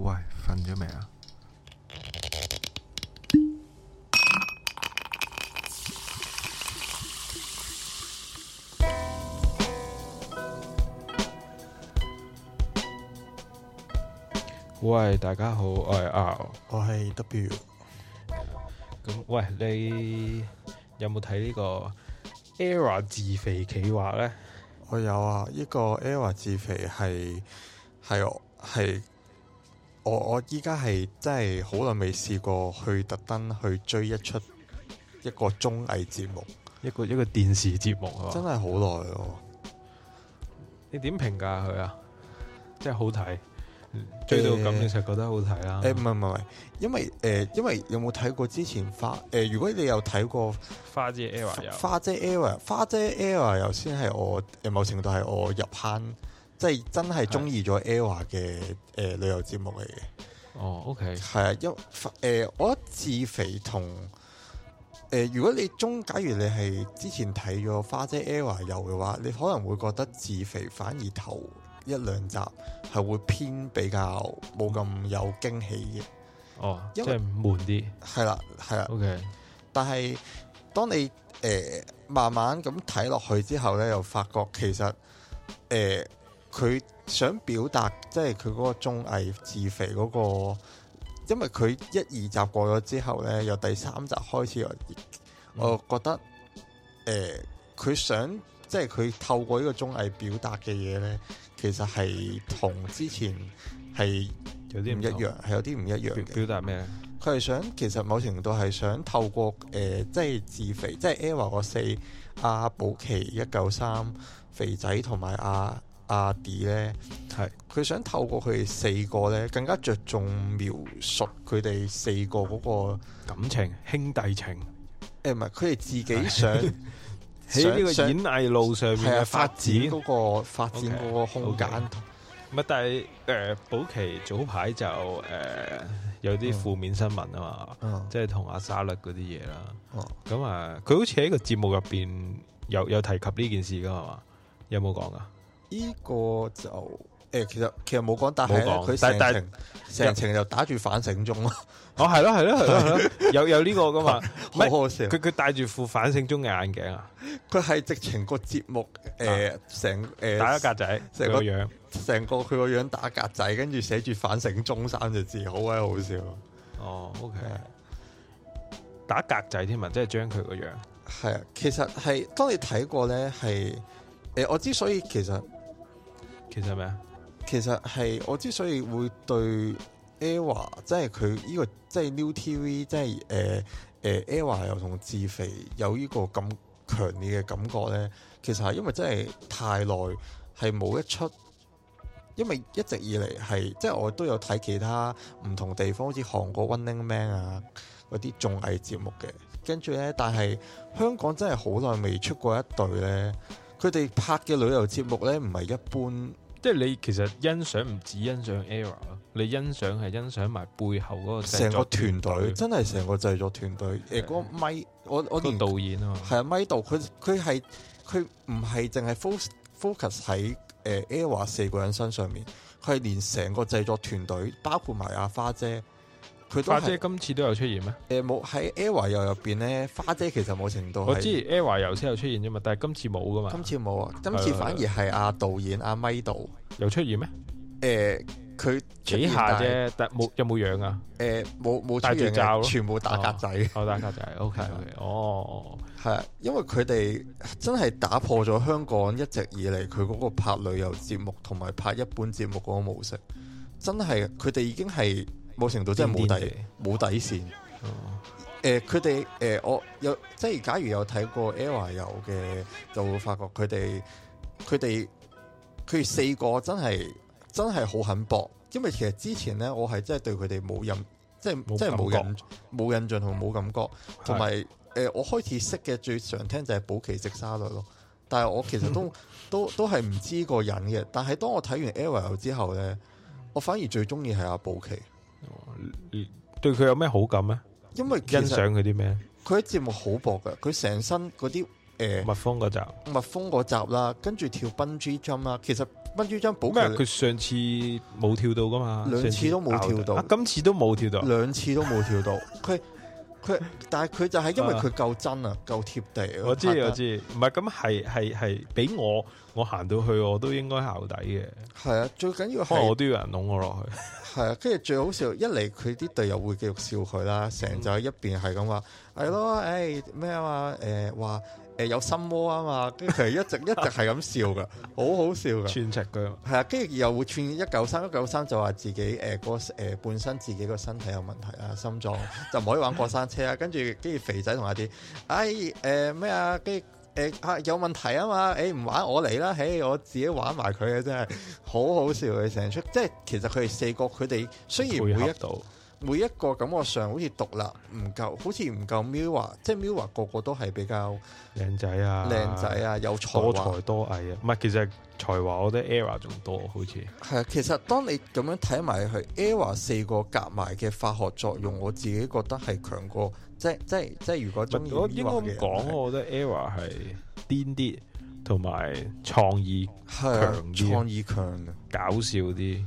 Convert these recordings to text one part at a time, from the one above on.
喂，瞓咗未啊？喂，大家好，我係 R，我係 W。咁，喂，你有冇睇呢個 ERROR 自肥企劃咧？我有啊，呢、這個 ERROR 自肥係係係。我我依家係真係好耐未試過去特登去追一出一個綜藝節目，一個一個電視節目係嘛？真係好耐哦！你點評價佢啊？即係好睇，追到咁其實就覺得好睇啦。誒、欸，唔係唔係，因為誒、欸，因為有冇睇過之前花？誒、欸，如果你有睇過花姐 ERROR 遊，花姐 ERROR 遊，花姐 ERROR 遊又先係我，某程度係我入坑？即係真係中意咗 ERROR 嘅誒旅遊節目嚟嘅。哦、oh，OK，係啊，因誒、呃，我覺得自肥同誒、呃，如果你中，假如你係之前睇咗花姐 ERROR 遊嘅話，你可能會覺得自肥反而頭一兩集係會偏比較冇咁有驚喜嘅，哦、oh，即係悶啲，係啦，係啦，OK，但係當你誒、呃、慢慢咁睇落去之後咧，又發覺其實誒。呃佢想表達，即係佢嗰個綜藝自肥嗰、那個，因為佢一、二集過咗之後呢，由第三集開始，我，我覺得，誒、嗯，佢、呃、想即係佢透過呢個綜藝表達嘅嘢呢，其實係同之前係有啲唔一樣，係有啲唔一樣表，表達咩？佢係想其實某程度係想透過誒、呃，即係自肥，即係 ERROR 個四阿保錡一九三肥仔同埋阿。.阿 Dee 咧，係佢想透過佢哋四個咧，更加着重描述佢哋四個嗰、那個感情兄弟情。誒、欸，唔係佢哋自己想喺呢、 這個演藝路上面發展嗰個、啊、發展嗰、那個、個空間。唔、okay, 係、okay.，但係誒、呃，保錡早排就誒、呃、有啲負面新聞啊嘛，嗯、即係同阿沙律嗰啲嘢啦。咁、嗯、啊，佢、呃、好似喺個節目入邊有有提及呢件事噶係嘛？有冇講啊？呢、這個就誒、欸，其實其實冇講，但係佢成成程就打住反省中咯。哦，係咯，係咯，係咯， 有有呢個噶嘛，好 好笑。佢佢戴住副反省中嘅眼鏡、呃、啊。佢係直情個節目誒，成誒打咗格仔，成個樣，成個佢個樣打格仔，跟住寫住反省中三隻字，好鬼好笑。哦，OK、嗯、打格仔添啊，即係將佢個樣。係啊，其實係當你睇過咧，係誒、呃，我之所以其實。其實咩啊？其實係我之所以會對 ERROR，即係佢呢個即係 New TV 即係誒誒 ERROR 又同自肥有呢個咁強烈嘅感覺呢？其實係因為真係太耐係冇一出，因為一直以嚟係即係我都有睇其他唔同地方，好似韓國 Running Man 啊嗰啲綜藝節目嘅，跟住呢，但係香港真係好耐未出過一對呢。佢哋拍嘅旅遊節目咧，唔係一般，即係你其實欣賞唔止欣賞 ERROR，你欣賞係欣賞埋背後嗰個成個團隊，真係成個製作團隊。誒、嗯，嗰、那個麥，我我個導演啊嘛，係啊，麥導，佢佢係佢唔係淨係 focus focus 喺誒 ERROR 四個人身上面，佢係連成個製作團隊，包括埋阿花姐。她花姐今次都有出現咩？誒冇喺 ERROR 遊入邊咧，花姐其實冇程度。我之前 ERROR 遊先有出現啫嘛，但係今次冇噶嘛。今次冇啊！今次反而係阿導演阿咪導有出現咩？誒、呃、佢幾下啫，但冇有冇樣啊？誒冇冇全部打格仔、哦 哦。打格仔 okay, OK 哦，係、哦、因為佢哋真係打破咗香港一直以嚟佢嗰個拍旅遊節目同埋拍一般節目嗰個模式，真係佢哋已經係。冇程度，真係冇底，冇底線。誒，佢哋誒，我有即係假如有睇過 Air 油嘅，就會發覺佢哋佢哋佢哋四個真係真係好肯搏！因為其實之前咧，我係真係對佢哋冇任即係即係冇印冇印象同冇感覺。同埋誒，我開始識嘅最常聽就係保奇食沙律咯。但係我其實都 都都係唔知道個人嘅。但係當我睇完 Air 油之後咧，我反而最中意係阿保奇。對佢有咩好感咩？因為欣賞佢啲咩？佢喺節目好搏噶，佢成身嗰啲誒，蜜蜂嗰集，蜜蜂嗰集啦，跟住跳 bungee jump 啦。其實 bungee jump 補，因佢上次冇跳到噶嘛，兩次都冇跳到，啊，今次都冇跳到，兩次都冇跳到。佢 佢，但係佢就係因為佢夠真啊，夠貼地。我知我知，唔係咁係係係俾我，我行到去我都應該考底嘅。係啊，最緊要可能我都要人攏我落去。 係啊，跟住最好笑，一嚟佢啲隊友會繼續笑佢啦，成日就喺一邊係咁話，係、嗯、咯，誒咩、哎、啊嘛，誒話誒有心魔啊嘛，跟住一直 一直係咁笑噶，好好笑噶，串柒佢。係啊，跟住又會串一九三一九三就話自己誒、呃那個、呃、本身自己個身體有問題啊，心臟就唔可以玩過山車 D、哎呃、啊，跟住跟住肥仔同埋啲哎，誒咩啊，跟住。誒、欸啊、有問題啊嘛！誒、欸、唔玩我嚟啦，嘿我自己玩埋佢嘅，真係好好笑嘅成出，即係其實佢哋四個佢哋雖然每一道每一個感覺上好似獨立唔夠，好似唔夠 Mirror 即係 Mirror 個個都係比較靚仔啊靚仔啊有才多才多藝啊，唔係其實才華我覺得 ERROR 仲多好似係啊，其實當你咁樣睇埋去 ERROR 四個夾埋嘅化學作用，我自己覺得係強過。即係即係即係，即如果中意嘅，我應該講。我覺得 ERROR 係癲啲，同埋創意強，創、啊、意強，搞笑啲，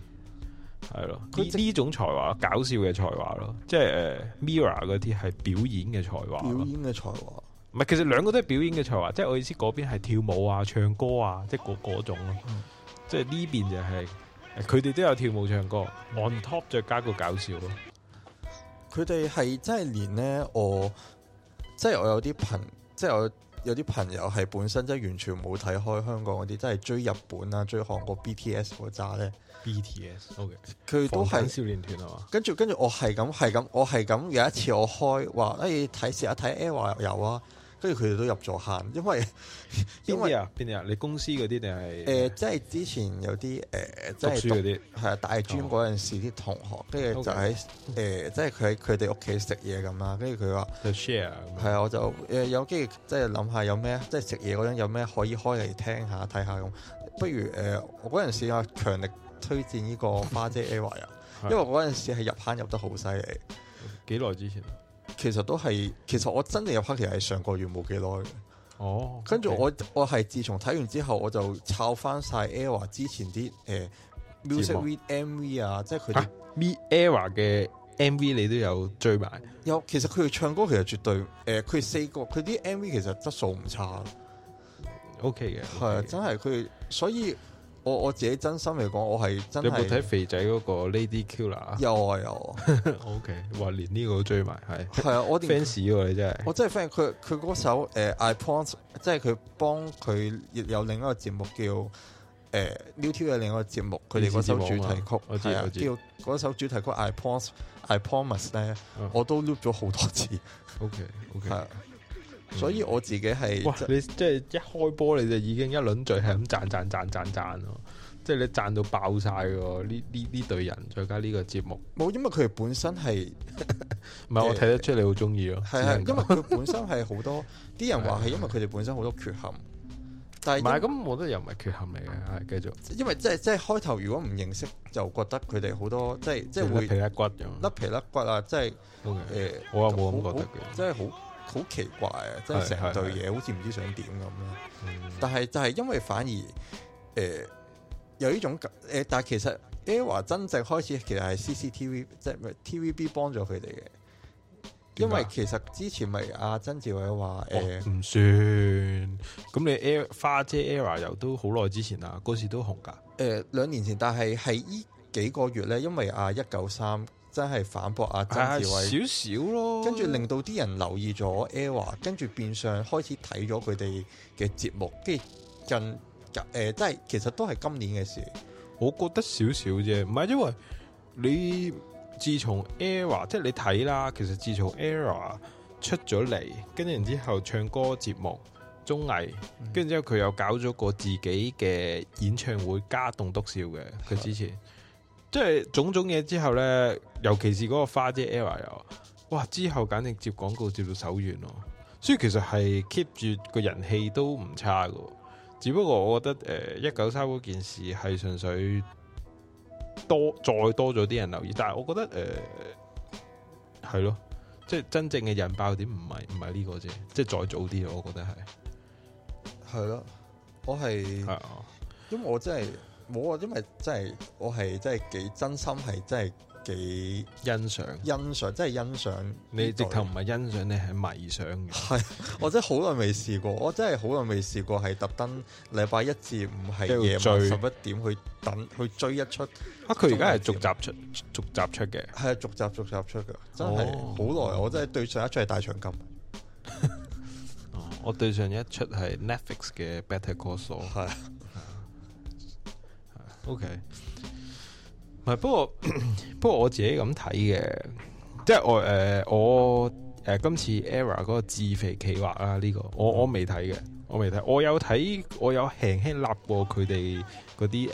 係咯。呢、就是、種才華，搞笑嘅才華咯。即係誒，MIRROR 嗰啲係表演嘅才華，表演嘅才華。唔係，其實兩個都係表演嘅才華、嗯。即係我意思，嗰邊係跳舞啊、唱歌啊，即係嗰嗰種咯、啊嗯。即係呢邊就係佢哋都有跳舞、唱歌、嗯、，on top 再加個搞笑咯。佢哋係真係連呢？我即係、就是、我有啲朋，即係我有啲朋友係、就是、本身真係完全冇睇開香港嗰啲，真係追日本啊，追韓國 BTS 嗰紮呢 BTS，OK、okay. 佢都係少年團啊嘛。跟住跟住，我係咁係咁，我係咁有一次，我開話，哎，睇試下睇 ERROR 有啊。跟住佢哋都入咗坑，因為邊啲啊？邊 啲啊？你公司嗰啲定係？誒、呃，即係之前有啲誒、呃，讀書啲係啊，大專嗰陣時啲同學，跟、哦、住就喺誒、Okay. 呃，即係佢喺佢哋屋企食嘢咁啦。跟住佢話，share 係啊，嗯、我就誒有機會即係諗下有咩，即係食嘢嗰陣有咩可以開嚟聽下睇下咁。不如誒、呃，我嗰陣時啊，強力推薦呢個花姐 Error 遊啊， 因為我嗰陣時係入坑入得好犀利。幾耐之前？其實都係，其實我真正入黑其實係上個月冇幾耐嘅。哦、oh, okay.，跟住我我係自從睇完之後，我就抄翻晒 ERROR 之前啲誒、呃、music vid MV 啊，即係佢啲 ERROR 嘅 MV，你都有追埋。有，其實佢哋唱歌其實絕對誒，佢、呃、哋四個佢啲 MV 其實質素唔差的。OK 嘅，係、okay、真係佢，所以。我我自己真心嚟講，我係真係。你有冇睇肥仔嗰個 Lady Killer 有啊？有啊有。O K，哇連呢個都追埋，係係啊， 我 fans 喎，你真係。我真係 fans 佢佢嗰首誒、呃、I Promise，即係佢幫佢有另一個節目叫誒 New Year 另一個節目，佢哋嗰首主題曲、啊、我知,、啊我知，叫嗰首主題曲 I, Point, I Promise I Promise 咧，我都 loop 咗好多次。O K O K 係。所以我自己係、嗯、你即係一開波你就已經一輪嘴係咁讚讚讚讚讚咯，即係你讚到爆晒喎！呢呢呢隊人，再加呢個節目，冇 不是， 因為佢本身係唔係我睇得出你好中意咯。係因為佢本身係好多啲人話係因為佢哋本身好多缺陷，但係唔係咁，我都又唔係缺陷嚟嘅。係繼續，因為即係即係開頭如果唔認識，就覺得佢哋好多即係即係會甩皮甩骨咁，甩皮甩骨啊！即係誒，我又冇咁覺得嘅，即係好。好好奇怪啊！真係成隊嘢，好似唔知想點咁咯。是是是是但係就係因為反而誒、呃、有呢種誒、呃，但係其實 ERROR 真正開始其實係 CCTV 即係 TVB 幫咗佢哋嘅。因為其實之前咪阿曾志偉話誒唔算，咁你 ERROR，花姐 ERROR 又都好耐之前啦，嗰時都紅噶。誒、呃、兩年前，但係係呢幾個月咧，因為阿一九三。真係反駁啊！爭、啊、少少咯，跟住令到啲人留意咗 ERROR 跟住變相開始睇咗佢哋嘅節目，跟住近誒，即、呃、係其實都係今年嘅事。我覺得少少啫，唔係因為你自從 ERROR 即係你睇啦，其實自從 ERROR 出咗嚟，跟住然之後唱歌節目綜藝，跟住之後佢又搞咗個自己嘅演唱會加棟篤笑嘅，佢之前。即、係種種嘢之後呢，尤其是嗰個花姐 ERROR，哇！之後簡直接廣告接到手軟咯。所以其實係 keep 住個人氣都唔差噶。只不過我覺得誒，一九三嗰件事係純粹多再多咗啲人留意，但係我覺得誒係咯，即、係真正嘅引爆點唔係唔係呢個啫，即、係再早啲，我覺得係係咯，我係，因為我真係。冇啊，因為真係我係真係幾真心真，係真係幾欣賞，欣賞真係欣賞、這個、欣賞。你直頭唔係欣賞，你係迷上嘅。係，我真係好耐未試過，嗯、我真係好耐未試過，係特登禮拜一至五係夜晚十一點去等去追一出。啊，佢而家係逐集出，逐集出嘅。係啊，逐集逐集出嘅，真係好耐。我真係對上一出係大長今。 我對上一出係 Netflix 嘅 Better Call Saul。係。OK，係不過 不過我自己咁睇嘅，即係我誒、呃、我誒、呃、今次 ERROR 嗰個自肥企劃啊呢、這個我我未睇嘅，我未睇，我有睇我有輕輕立過佢哋嗰啲誒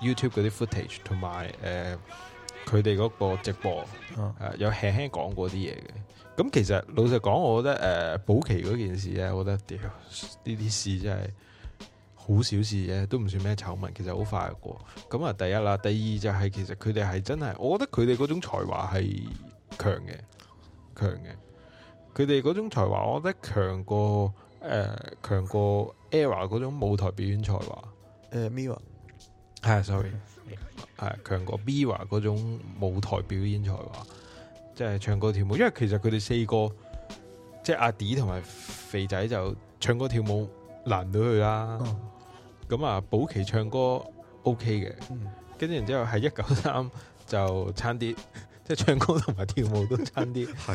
YouTube 嗰啲 Footage 同埋誒佢哋嗰個直播，係、嗯呃、有輕輕講過啲嘢嘅。咁其實老實講，我覺得誒、呃、保錡嗰件事咧，我覺得屌呢啲事真係。好小事嘅，都唔算咩醜聞，其實好快過。咁啊，第一啦，第二就係、是、其實佢哋係真係，我覺得佢哋嗰種才華係強嘅，強嘅。佢哋嗰種才華，我覺得強過誒強、呃、過 ERROR 嗰種舞台表演才華。誒，Mirror 係，sorry 係、啊、強過 Mirror 嗰種舞台表演才華，即、就、係、是、唱歌跳舞。因為其實佢哋四個，即係阿 Dee 同埋肥仔就唱歌跳舞難到佢啦。Oh. 咁啊，保錡唱歌 OK 嘅，跟住然之後係一九三就差啲，即係唱歌同埋跳舞都差啲，係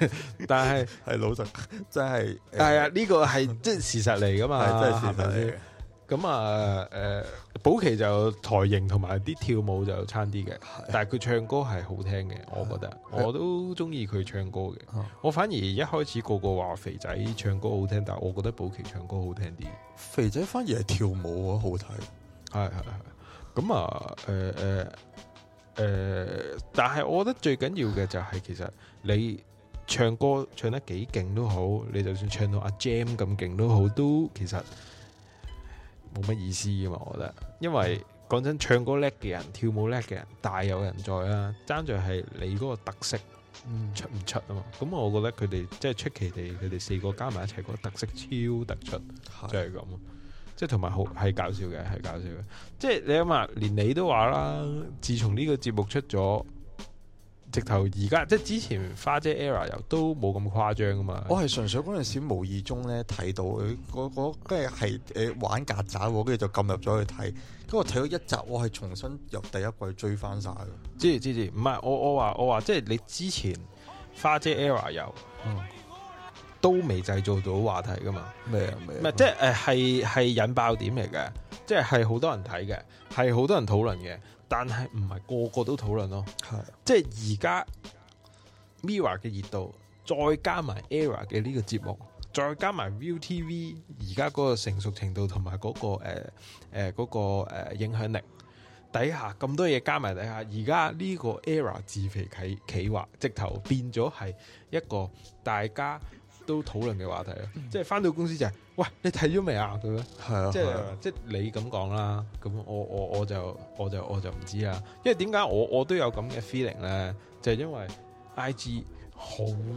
是的笑，但係係老實，真係係啊，呢個係即係事實嚟噶嘛，係真係事實嚟嘅。咁啊，誒、呃，保錡就台型同埋啲跳舞就差啲嘅、啊，但係佢唱歌係好聽嘅、啊，我覺得、啊、我都中意佢唱歌嘅、啊。我反而一開始個個話肥仔唱歌好聽，但係我覺得保錡唱歌好聽啲。肥仔反而係跳舞好睇，係係係。咁啊，誒誒、啊啊啊呃呃呃、但係我覺得最緊要嘅就係其實你唱歌唱得幾勁都好，你就算唱到阿 Jam 咁勁都好、啊，都其實。冇乜意思嘅嘛，我覺得，因為講真，唱歌叻嘅人、跳舞叻嘅人大有人在啦、啊，爭在係你嗰個特色出唔出啊嘛。咁、嗯、我覺得佢哋即係出奇地，佢哋四個加埋一齊，個特色超突出，就係、是、咁。即係同埋好係搞笑嘅，係搞笑嘅。即係你諗下，連你都話啦、嗯，自從呢個節目出咗。直頭而家即係之前花姐 ERROR 遊，都冇咁誇張噶嘛？我係純粹嗰陣時無意中咧，睇到佢嗰，跟住係誒玩曱甴，跟住就撳入咗去睇。跟我睇咗一集，我係重新入第一季追翻晒嘅。知知知，唔係我我話我話，即係你之前花姐 ERROR 遊，嗯，都未製造到話題噶嘛？咩啊咩？唔係，啊嗯，即係誒係係引爆點嚟嘅，即係係好多人睇嘅，係好多人討論嘅。但係唔係個個都討論咯，即係而家 Mirror 嘅熱度，再加埋 ERROR 嘅呢個節目，再加埋 ViuTV 而家嗰個成熟程度同埋嗰個誒誒嗰個誒影響力底下咁多嘢加埋底下，而家呢個 ERROR 自肥企劃，直頭變咗係一個大家都討論嘅話題咯，即係返到公司就係、是，喂，你睇咗未啊？咁、就、樣、是，係啊，即係即係你咁講啦，咁我我我就我就我就唔知啦，因為點解我我都有咁嘅 feeling 咧，就係、是、因為 IG 好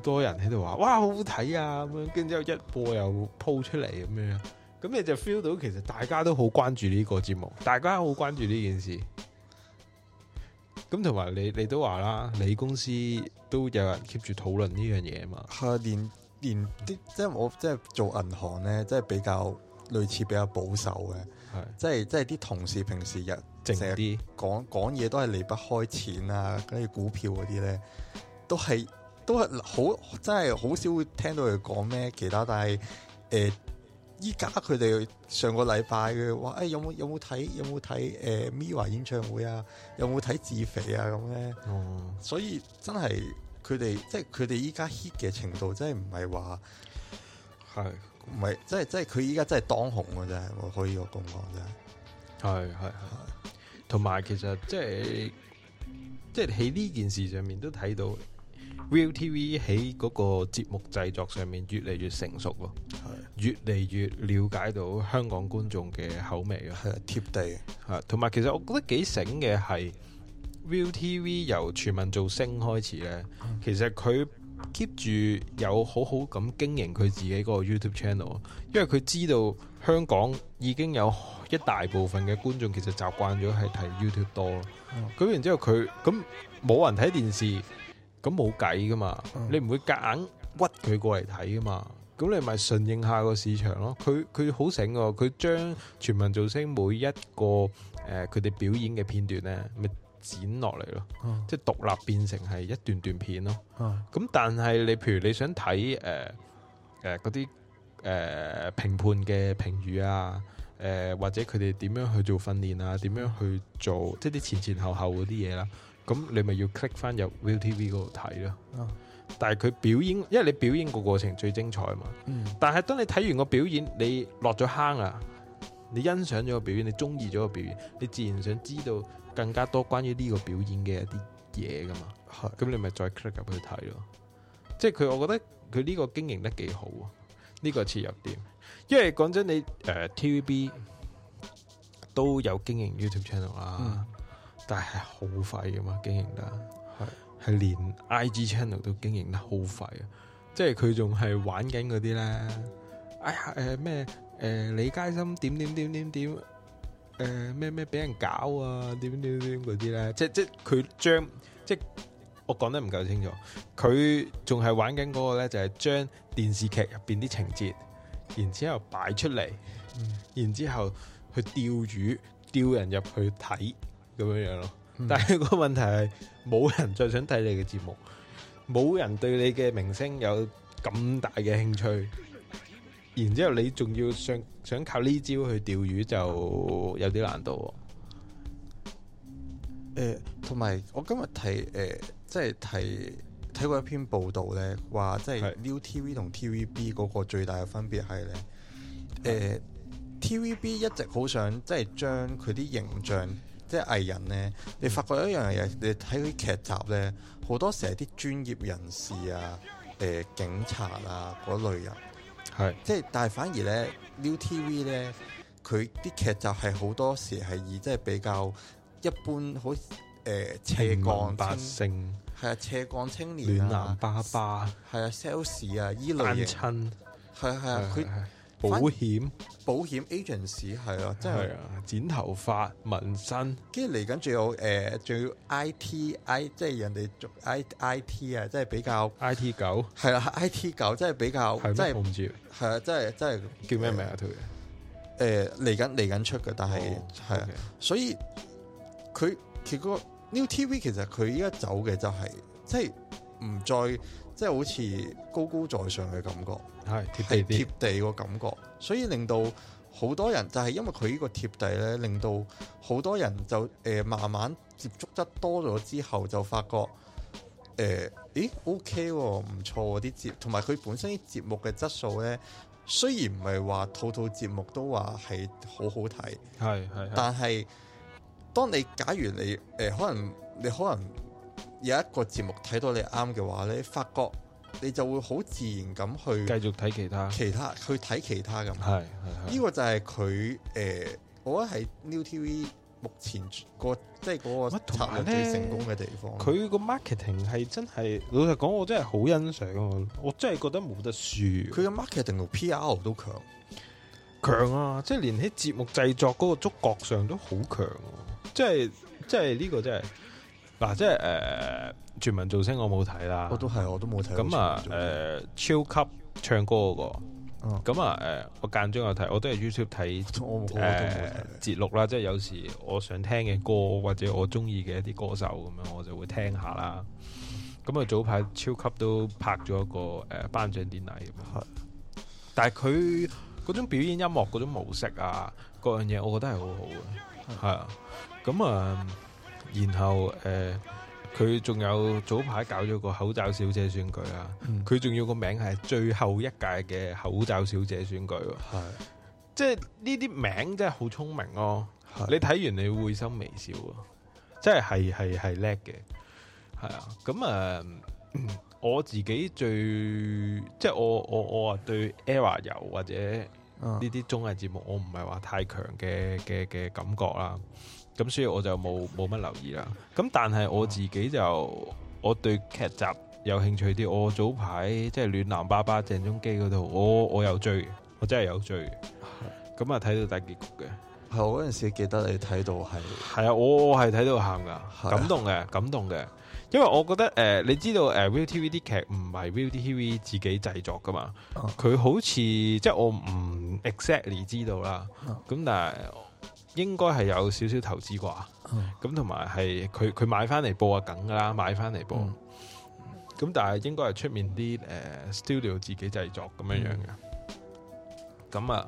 多人喺度話，哇，好好睇啊，咁樣，跟住之後一播又鋪出嚟咁樣，咁你就 feel 到其實大家都好關注呢個節目，大家好關注呢件事。咁同埋你你都話啦，你公司都有人 keep 住討論呢樣嘢啊嘛，下年。啲即係我即係做銀行咧，即係比較類似比較保守嘅，即係即係啲同事平時日靜啲講講嘢都係離不開錢啊，跟 住股票嗰啲咧都係都係好真係好少會聽到佢講咩其他，但係誒依家佢哋上個禮拜嘅話誒有冇有冇睇有冇睇誒 MIRROR 演唱會啊？有冇睇自肥啊？咁咧、嗯，所以真係。佢哋即係佢哋依家 hit 嘅程度真即即真，真係唔係話係唔係即係即係佢依家真係當紅嘅真係，我可以咁講啫。係係係，同埋其實即係即係喺呢件事上面都睇到，ViuTV 喺嗰個節目製作上面越嚟越成熟咯，越嚟越了解到香港觀眾嘅口味咯，係貼地。嚇，同埋其實我覺得幾醒嘅係。ViuTV 由全民造星開始咧，嗯，其實佢 keep 住有好好咁經營佢自己嗰個 YouTube channel，因為佢知道香港已經有一大部分嘅觀眾其實習慣咗係睇 YouTube 多咯。咁、嗯、然之後佢咁冇人睇電視，咁冇計噶嘛，嗯、你唔會夾硬屈佢過嚟睇噶嘛？咁你咪順應下個市場咯。佢佢好醒喎，佢將全民造星每一個誒佢哋表演嘅片段咧。剪落嚟咯，即係獨立變成係一段段片咯。咁、嗯、但係你，譬如你想睇誒誒嗰啲誒評判嘅評語啊，誒、呃、或者佢哋點樣去做訓練啊，點樣去做即係啲前前後後嗰啲嘢啦。咁你咪要 click 翻入 ViuTV 嗰度睇咯。但係佢表演，因為你表演個過程最精彩嘛。嗯、但係當你睇完個表演，你落咗坑啊，你欣賞咗個表演，你中意咗個表演，你自然想知道。更加多關於呢個表演嘅一啲嘢噶嘛，咁你咪再 click 入去睇咯。即係佢，我覺得佢呢個經營得幾好啊。呢、呢個切入點，因為講真，你、呃、誒 TVB 都有經營 YouTube channel 啦、啊，嗯、但係好快噶嘛經營得，係係連 IG channel 都經營得好快。啊。即係佢仲係玩緊嗰啲咧，哎呀誒咩誒李佳芯點點點點點點。誒咩咩俾人搞啊？點點點嗰啲咧，即即佢將即我講得唔夠清楚，佢仲係玩緊嗰個咧，就係將電視劇入邊啲情節，然之後擺出嚟，然之後去釣魚釣人入去睇咁樣樣咯。但係個問題係冇人再想睇你嘅節目，冇人對你嘅明星有咁大嘅興趣。然之後你仲要想想靠呢招去釣魚就有啲難度、哦。誒、呃，同埋我今日睇誒，即係睇睇過一篇報道咧，話即係 ViuTV 同 TVB 嗰個最大嘅分別係咧。誒、呃，TVB 一直好想即係將佢啲形象，即係藝人咧，你發覺一樣嘢，你睇佢劇集咧，好多時係啲專業人士啊，誒、呃，警察啊嗰類人。係，即係是但係反而咧，ViuTV 咧，佢啲劇集係好多時係以即係比較一般，好、呃、誒，斜槓百姓係啊，斜槓青年、啊、暖男爸爸係啊，sales 啊依類型親係啊，係啊佢。呃它保險保險 agency 係啊，即、就、係、是、剪頭髮紋身，跟住嚟緊仲有誒，仲、呃、要 I T I，即係人哋做 I I T 啊，即係比較 I T 九，係啊 I T 九，即係比較，IT9, 即係控制，係啊，即係即係叫咩名啊？佢誒嚟緊嚟緊出嘅，但係係啊，oh, okay. 所以佢其個 ViuTV 其實佢依家走嘅就係即係唔再。即係好似高高在上嘅感覺，係貼地啲，係貼地個感覺，所以令到好多人，就係因為佢呢個貼地咧，令到好多人就誒慢慢接觸得多咗之後，就發覺誒，咦，OK 喎，唔錯喎啲節，同埋佢本身啲節目嘅質素咧，雖然唔係話套套節目都話係好好睇，係係，但係當你假如你誒可能你可能。有一個節目睇到你啱嘅話咧，發覺你就會好自然咁去繼續睇其他，其他去睇其他咁。係係係。呢個就係佢誒，我覺得係 ViuTV 目前個即係嗰個策略最成功嘅地方。佢個 marketing 係真係老實講，我真係好欣賞，我真係覺得冇得輸。佢嘅 marketing 同 PR 都強，強啊！即係連喺節目製作嗰個觸角上都好強、啊，即係即係呢個真係。嗱、啊，即係誒、呃，全民造星我冇睇啦，我都係我都冇睇。咁啊，誒、呃，Chill Club 唱歌嗰、那個，咁啊，誒、啊呃，我間中有睇，我都係 YouTube 睇誒、呃、節錄啦，即係有時我想聽嘅歌或者我中意嘅一啲歌手咁樣，我就會聽下啦。咁、嗯、啊，早排 Chill Club 都拍咗一個誒頒獎典禮，但係佢嗰種表演音樂嗰種模式啊，各樣嘢，我覺得係好好嘅，係、嗯、啊，咁啊。然後誒，佢、呃、仲有早排搞咗個口罩小姐選舉啊！佢、嗯、仲要個名係最後一屆嘅口罩小姐選舉，係即係呢啲名真係好聰明哦！你睇完你會心微笑，啊，真係係係係叻嘅，係啊！咁啊、呃，我自己最即係、就是、我我我啊對 ERROR 有或者呢啲綜藝節目我不是，我唔係話太強嘅嘅嘅感覺啦。咁所以我就冇冇乜留意啦。咁但係我自己就、嗯、我對劇集有興趣啲。我早排即係暖男爸爸鄭中基嗰度，我我有追，我真係有追。咁啊睇到大結局嘅。係我嗰陣時記得你睇到係。係啊，我我係睇到喊噶，感動嘅，感動嘅。因為我覺得誒、呃，你知道誒 ViuTV 啲劇唔係 ViuTV 自己製作噶嘛，佢、嗯、好似即係我唔 exactly 知道啦。咁、嗯、但係。應該係有少少投資啩，咁同埋係佢佢買翻嚟播啊梗噶啦，買翻嚟播。咁、嗯嗯、但係應該係出面啲誒、呃、studio 自己製作咁樣的、嗯、樣嘅。咁啊，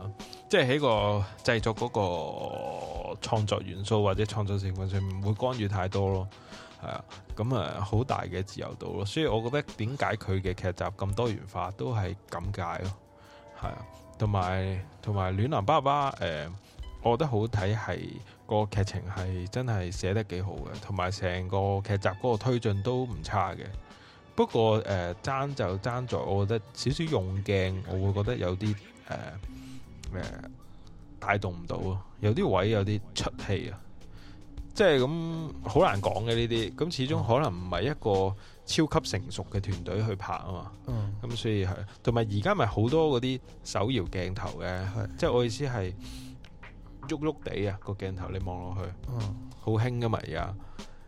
即係喺個製作嗰個創作元素或者創作成分上面，唔會干預太多咯，係啊。咁啊，好大嘅自由度咯，所以我覺得點解佢嘅劇集咁多元化，都係咁解咯，係啊。同埋同埋暖男爸爸誒。呃我覺得好睇係，個劇情係真係寫得幾好嘅，同埋成個劇集嗰個推進都唔差嘅。不過誒爭、呃、就爭在，我覺得少少用鏡，我會覺得有啲誒咩帶動唔到，有啲位有啲出戲啊。即係咁好難講嘅呢啲，咁始終可能唔係一個超級成熟嘅團隊去拍啊嘛。咁、嗯、所以係，同埋而家咪好多嗰啲手搖鏡頭嘅，即係、就是、我意思係。喐喐地啊，個鏡頭你望落去，嗯，好輕噶嘛，而家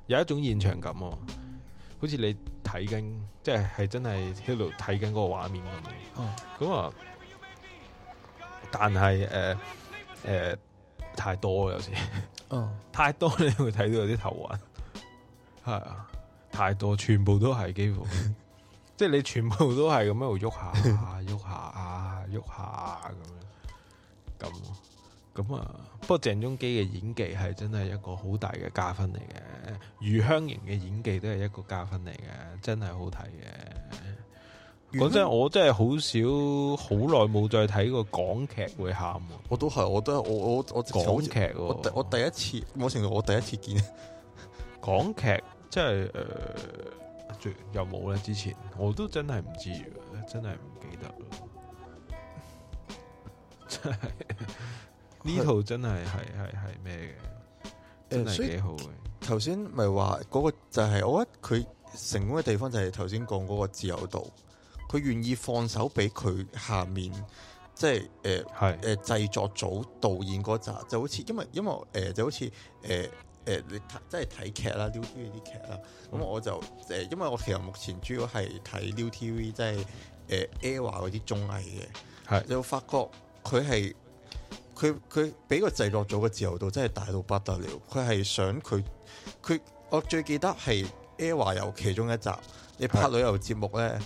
有一種現場感，好似你睇緊，即係係真係喺度睇緊嗰個畫面咁樣。嗯，咁啊，但係誒誒太多有時，嗯，太多你會睇到有啲頭暈，係啊，太多，全部都係，幾乎，即 係你全部都係咁樣喐下，喐下，喐下咁樣，咁咁啊。不過鄭中基嘅演技係真係一個好大嘅加分嚟嘅，余香瑩嘅演技都係一個加分嚟嘅，真係好睇嘅。講真，我真係好少，好耐冇再睇過港劇會喊。我都係，我都係，我我我港劇，我第一次，我承認我第一次見港劇，即係誒，最又冇咧。之前我都真係唔知，真係唔記得。真係。 呢套真係係係係咩嘅？真係幾好嘅。頭先咪話嗰個就係、是，我覺得佢成功嘅地方就係頭先講嗰個自由度，佢願意放手俾佢下面，即係誒，係誒製作組導演嗰集，就好似因為因為誒、呃，就好似誒誒，你即係睇劇啦，ViuTV 啲劇啦，咁我就誒、嗯，因為我其實目前主要係睇 ViuTV，即係誒 ERROR 嗰啲綜藝嘅，係、呃、就發覺佢係。佢佢俾個製作組嘅自由度真係大到不得了，佢係想佢佢我最記得係 ERROR 有其中一集，你拍旅遊節目呢，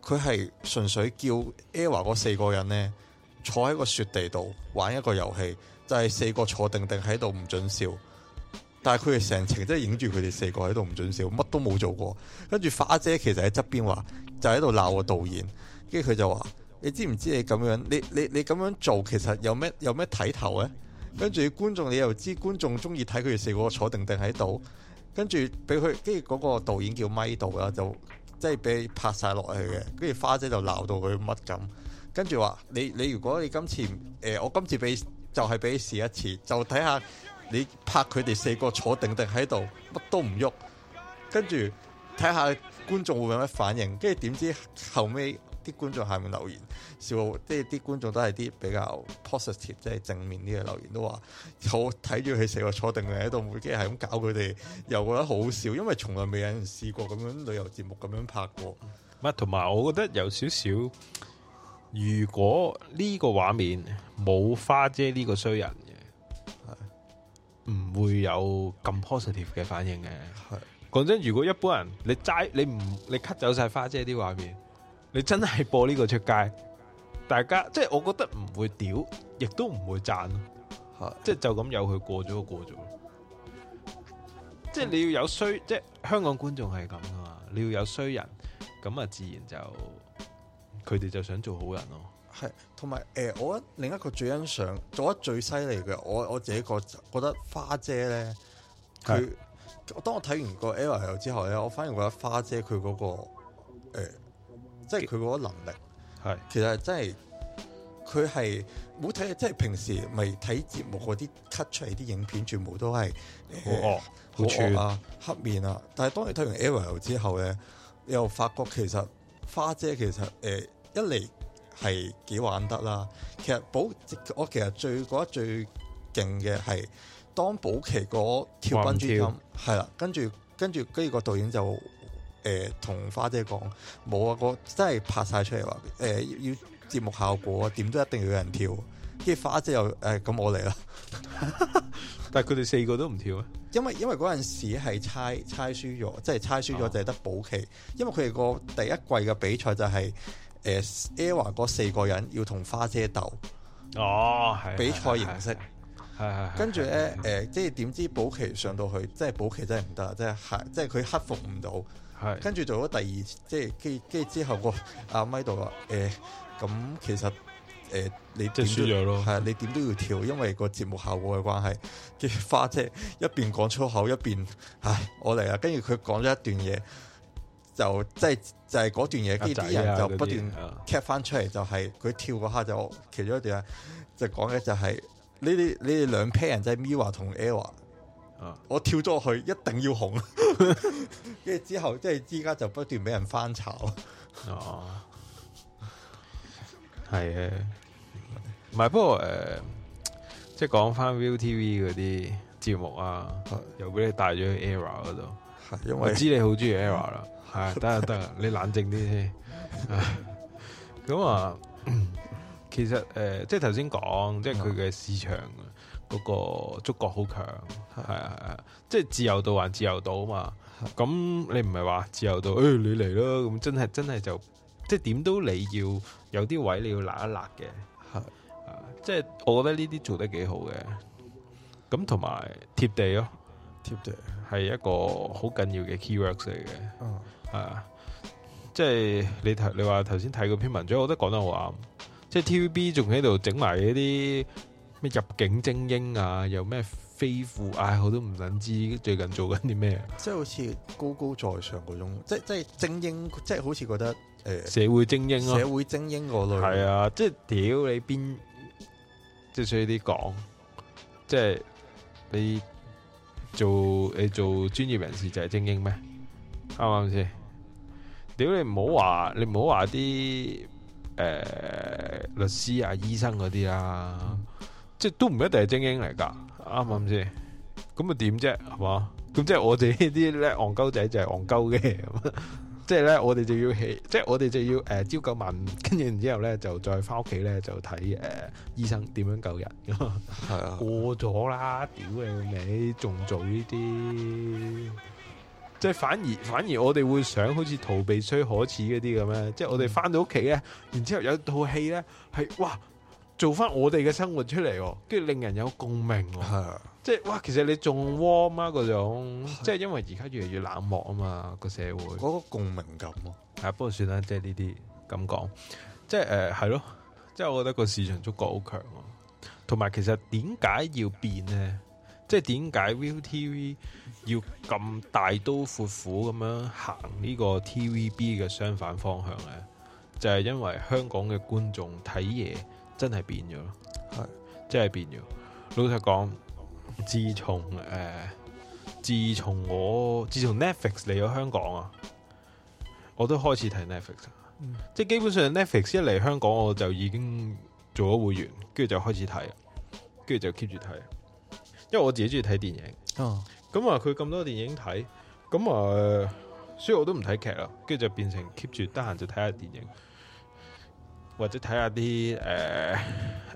佢係純粹叫 ERROR 嗰四個人呢坐喺個雪地度玩一個遊戲，就係、是、四個坐定定喺度唔準笑。但係佢哋成程真係影住佢哋四個喺度唔準笑，乜都冇做過。跟住花姐其實喺側邊話，就喺度鬧個導演，跟住佢就話。你知唔知你咁樣？你你你咁樣做其實有咩有咩睇頭咧？跟住觀眾你又知觀眾中意睇佢哋四個坐定定喺度，跟住俾佢跟住嗰個導演叫咪導啦，就即係俾拍晒落去嘅。跟住花姐就鬧到佢乜咁，跟住話你你如果你今次誒、呃、我今次俾就係俾你試一次，就睇下你拍佢哋四個坐定定喺度乜都唔喐，跟住睇下觀眾會,會有乜反應。跟住點知後尾。啲觀眾下面留言，笑即係啲觀眾都係啲比較 positive，即係正面啲嘅留言，都話有睇住佢四個坐定定喺度，每機係咁搞佢哋，又覺得好笑，因為從來未有人試過咁樣旅遊節目咁樣拍過。唔同埋我覺得有少少，如果呢個畫面冇花姐呢個衰人嘅，唔會有咁 positive 嘅反應嘅。係講真，如果一般人你齋你唔你 cut 走晒花姐啲畫面。你真係播呢個播出街，大家即係我覺得唔會屌，亦都唔會讚吓即係就咁有佢過咗就過咗，即係你要有衰，即係香港觀眾係咁噶嘛，你要有衰人，咁啊自然就佢哋就想做好人咯。係，同埋誒，我覺得另一個最欣賞、做得最犀利嘅，我我自己個覺，覺得花姐咧，佢我當我睇完個 ERROR 之後咧，我反而覺得花姐佢嗰、嗰個、呃即係佢嗰個能力，係其實真係佢係冇睇，即係平時咪睇節目嗰啲 cut 出嚟啲影片，全部都係好惡、好、呃、惡啊、黑面啊。但係當你睇完《ERROR》之後咧，又發覺其實花姐其實誒、呃、一嚟係幾玩得啦。其實保我其實最覺得最勁嘅係當保琪跳嗰條笨豬咁係啦，跟住跟住跟住個導演就。誒、呃、同花姐講冇啊，我、那個、真係拍晒出嚟話誒，要節目效果啊，點都一定要有人跳。跟住花姐又誒咁、呃、我嚟啦。 但係佢哋四個都唔跳啊，因為因為嗰陣時係猜猜輸咗，即係猜輸咗就係得保錡。因為佢哋個第一季嘅比賽就係誒 ERROR 嗰四個人要同花姐鬥哦，比賽形式跟住呢，誒、呃，即係點知保錡上到去，即係保錡真係唔得，即係即係佢克服唔到。係，跟住做咗第二，即係跟住之後個阿麥度話誒，咁、啊呃、其實誒你點都係啊，你點都，都要跳，因為個節目效果嘅關係。跟住花姐一邊講粗口一邊，唉，我嚟啦。跟住佢講咗一段嘢，就即係就係、係就係、嗰段嘢。跟住啲人就不斷 cap 翻出嚟，就係、係、佢跳嗰下就其中一段，就講、係、嘅就係呢啲呢啲兩 pair 人，即係 Mirror 同 Error 我跳咗去，一定要紅，跟 住之後，即係依家就不斷俾人翻炒。哦，係嘅，唔係不過誒、呃，即係講翻 ViuTV 嗰啲節目啊，是的又俾你帶咗去 ERROR 嗰度。係因為我知你好中意 ERROR 啦，係得啊得啊，你冷靜啲先。咁 啊，其實誒、呃，即係頭先講，即係佢嘅市場。嗯嗰、那個觸覺好強，係啊係啊，即係、就是、自由度還自由度啊嘛。咁你唔係話自由度，誒、哎、你嚟咯。咁真係真係就，即係點都你要有啲位你要揦一揦嘅，係即係我覺得呢啲做得幾好嘅。咁同埋貼地咯，哦，貼地係一個好緊要嘅 keywords 嚟嘅，係、嗯、啊。即係、就是、你頭你話頭先睇嗰篇文章，我都講得好啱。即、就、係、是、TVB 仲喺度整埋一啲。咩入境精英啊？又咩非富？唉，我都唔想知最近做緊啲咩。即係好似高高在上嗰種，即係即係精英，即係好似覺得誒，社會精英咯，社會精英嗰、啊、類係啊。即係屌你邊，即係啲講，即係你做你做專業人士就係精英咩？啱唔啱先？屌你唔好話你唔好話啲誒律師啊、醫生嗰啲啦。嗯即都唔一定係精英嚟噶，啱唔啱先？咁啊點啫，係、嗯、嘛？咁、嗯、即係我哋呢啲叻戇鳩仔就係戇鳩嘅， 即係咧我哋就要起，即係我哋就要誒、呃、朝九晚五，跟住然之後咧就再翻屋企咧就睇誒、呃、醫生點樣救人。係 啊，過咗啦，屌的你，仲做呢啲？即係反而反而我哋會想好似逃避雖可恥嘅啲咁咧，即係我哋翻到屋企咧，然之後有一套戲咧係哇。做翻我哋嘅生活出嚟，跟住令人有共鳴，啊，即係哇。其實你仲 warm 啊，嗰種即係因為而家越嚟越冷漠啊嘛。這個社會嗰、那個共鳴感，係、啊、不過算啦。即係呢啲咁講，即係誒係咯。即係我覺得個市場觸覺好強啊。同埋其實點解要變呢？即係點解 ViuTV 要咁大刀闊斧咁樣行呢個 TVB 嘅相反方向呢？就係、是、因為香港嘅觀眾睇嘢。真係變咗咯，係真係變咗。老實講，自從誒、呃、自從我自從 Netflix 嚟咗香港啊，我都開始睇 Netflix。嗯、即係基本上 Netflix 一嚟香港，我就已經做咗會員，跟住就開始睇，跟住就 keep 住睇。因為我自己中意睇電影，哦，咁啊，佢咁多電影睇，咁啊，所以我都唔睇劇啦。跟住就變成 keep 住得閒就睇下電影。或者睇下啲誒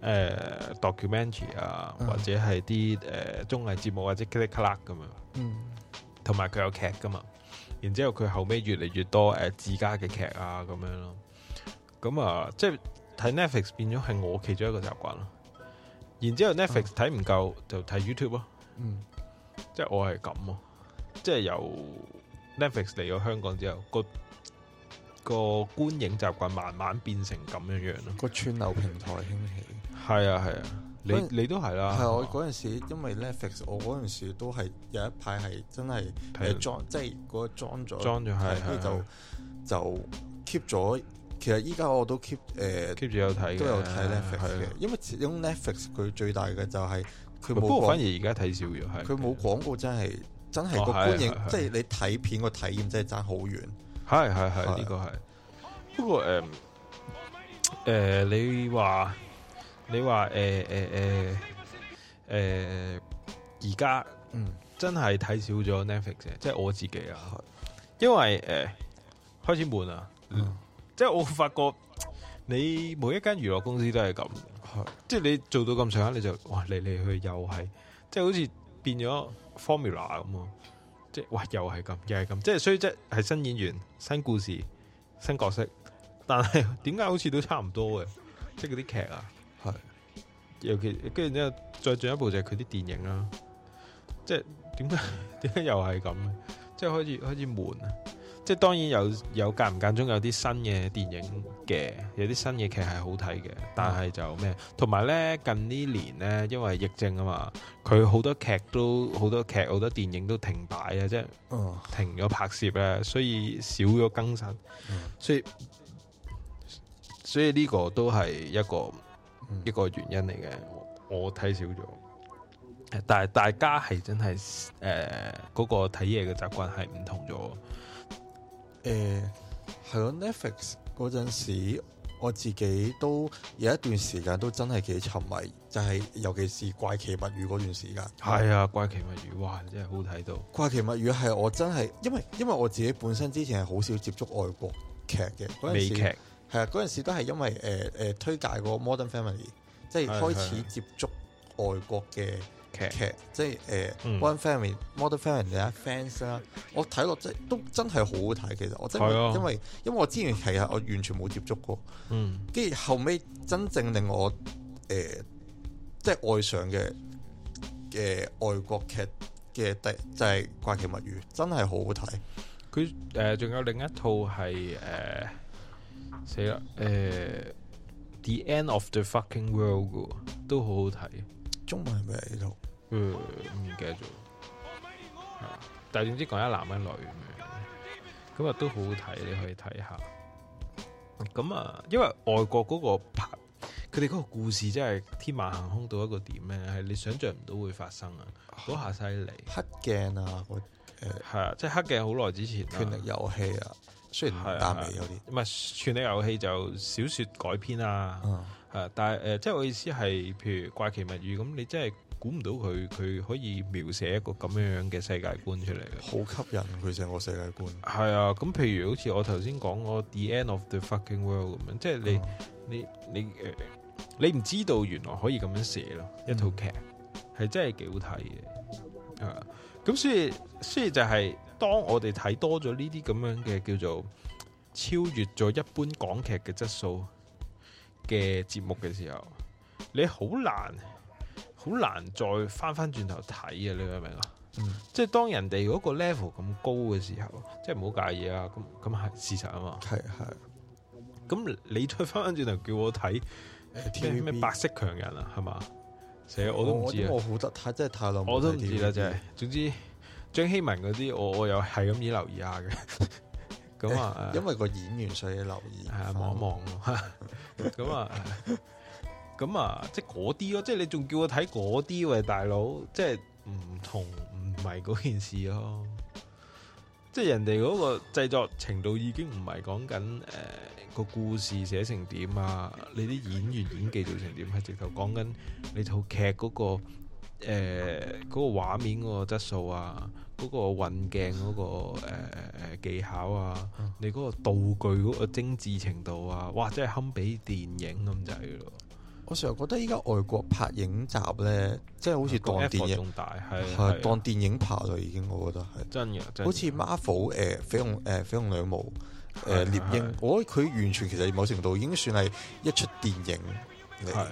誒 documentary 啊，嗯、或者係啲誒綜藝節目或者嘰里咔啦咁樣，嗯，同埋佢有劇噶嘛，然之後佢後尾越嚟越多誒、呃、自家嘅劇啊咁樣咯，咁啊即係睇 Netflix 變咗係我其中一個習慣咯，然之後 Netflix 睇唔夠就睇 YouTube 咯，啊，嗯，即係我係咁，啊，即係由 Netflix 嚟咗香港之後個觀影習慣慢慢變成咁樣樣咯，個串流平台興起，係 啊係啊，你你都係啦，係我嗰陣時候，因為 Netflix，我嗰陣時候都係有一派係真係誒裝，即係嗰個裝咗，裝咗係，跟住就就 keep 咗。其實依家我都 keep 誒 keep 住有睇，都有睇 Netflix 嘅，因為始終 Netflix 佢最大嘅就係佢冇，不過反而而家睇少咗，係佢冇廣告真係真係個觀影，即係你睇片個體驗真係爭好遠。係係係，呢、這個係。不過誒誒、呃呃，你話你話誒誒誒誒，而、呃、家、呃呃呃呃呃呃、嗯真係睇少咗 Netflix 即係、就是、我自己啊。因為誒、呃、開始悶啊，嗯，即係我發覺你每一間娛樂公司都係咁，即係、就是、你做到咁上下，你就哇嚟嚟去又係，即、就、係、是、好像變了似變咗 Formula 咁啊即係哇，又係咁，又係咁，即係雖則即係新演員、新故事、新角色，但係點解好似都差唔多嘅？即係嗰啲劇啊，係尤其跟住之後再進一步就係佢啲電影啦。即係點解點解又係咁嘅？即係開始開始悶啊！即係當然有有間唔間中有啲新嘅電影嘅，有啲新嘅劇係好睇嘅，但係就咩？同埋咧近呢年咧，因為疫症啊嘛，佢好多劇都好多劇好多電影都停擺啊，即係停咗拍攝咧，所以少咗更新，所以所以呢個都係一個一個原因嚟嘅。我睇少咗，但係大家係真係誒嗰個睇嘢嘅習慣係唔同咗。誒係咯，Netflix 嗰陣時，我自己都有一段時間都真係幾沉迷，就係、是、尤其是怪奇物語嗰段時間。係啊，怪奇物語，哇，真係好睇到。怪奇物語係我真係因為因為我自己本身之前係好少接觸外國劇嘅嗰陣時，美劇。係啊，嗰陣時都係因為、呃呃、推介嗰 Modern Family，即係開始接觸外國嘅。劇即係誒、呃嗯、，One Family, Family、啊、Modern Family、The Fans 啦，我睇過即係都真係好好睇，其實我真係、啊、因為因為我之前其實我完全冇接觸過，跟、嗯、住後尾真正令我誒、呃、即係愛上嘅嘅、呃、外國劇嘅第就係、是、怪奇物語，真係好好睇。佢誒仲有另一套係誒死啦誒 The End of the Fucking World 嘅，都好好睇。中文係咪喺呢度？唔記得咗，但係總之講一男一女咁樣咁啊，都好好睇，你可以睇下。咁啊，因為外國嗰個拍佢哋嗰個故事真係天馬行空到一個點咧，係你想象唔到會發生啊，好、吓！犀利黑鏡啊，嗰誒係啊，即係黑鏡好耐之前。權力遊戲啊，雖然係啊，有啲唔係權力遊戲就小說改編啊，誒、嗯啊，但係誒、呃，即係我意思係，譬如怪奇物語咁，你真係。估唔到佢佢可以描寫一個咁樣樣嘅世界觀出嚟嘅，好吸引佢成個世界觀。係啊，咁譬如好似我頭先講嗰個《The End of the Fucking World》咁樣，即係你你你誒，你唔知道原來可以咁樣寫咯，一套劇係真係幾好睇嘅。啊，咁所以所以就係當我哋睇多咗呢啲咁樣嘅叫做超越咗一般港劇嘅質素嘅節目嘅時候，你好難。好難再翻翻轉頭睇啊！你明唔明啊？嗯、即係當人哋嗰個 level 咁高嘅時候，即係唔好介意啊！咁咁係事實啊嘛，係係。咁你再翻翻轉頭叫我睇咩咩白色強人啊？係嘛？成日我都唔知我好得太真係太我都唔知啦。就係總之張希文嗰啲，我我又係咁易留意下嘅。咁 啊、欸，因為個演員需要留意，係啊，望一望咯。咁 啊。咁啊，即係嗰啲咯，即係你仲叫我睇嗰啲喂，大佬，即係唔同唔係嗰件事咯，啊。即係人哋嗰個製作程度已經唔係講緊誒個故事寫成點啊，你啲演員演技做成點，啊，係直頭講緊你套劇嗰，嗰個誒嗰，呃嗰個畫面嗰個質素啊，嗰，嗰個運鏡嗰個誒誒，呃，技巧啊，你嗰個道具嗰個精致程度啊，哇，真係堪比電影咁滯咯。我成日覺得依家外國拍影集咧，即係好似當電影，係係當電影拍就已經，我覺得係真嘅。好似 Marvel 誒，緋、呃、紅誒，緋紅女巫誒，獵鷹、呃，我佢完全其實某程度已經算係一出電影嚟，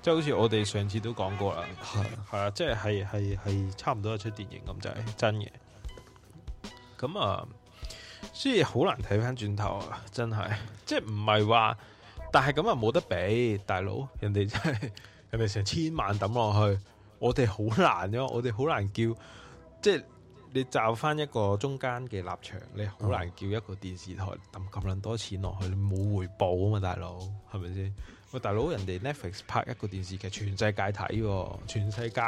即係好似我哋上次都講過啦，係係啊，即係係係係差唔多一出電影咁就係真嘅。咁啊，所以好難睇翻轉頭啊，真係，即係唔係話。但係咁啊，冇得比，大佬，人哋真係人哋成千萬抌落去，我哋好難咯，我哋好難叫，即係你找翻一個中間嘅立場，你好難叫一個電視台抌咁捻多錢落去，你冇回報啊嘛，大佬，係咪先？啊，大佬，人哋 Netflix 拍一個電視劇，全世界睇，全世界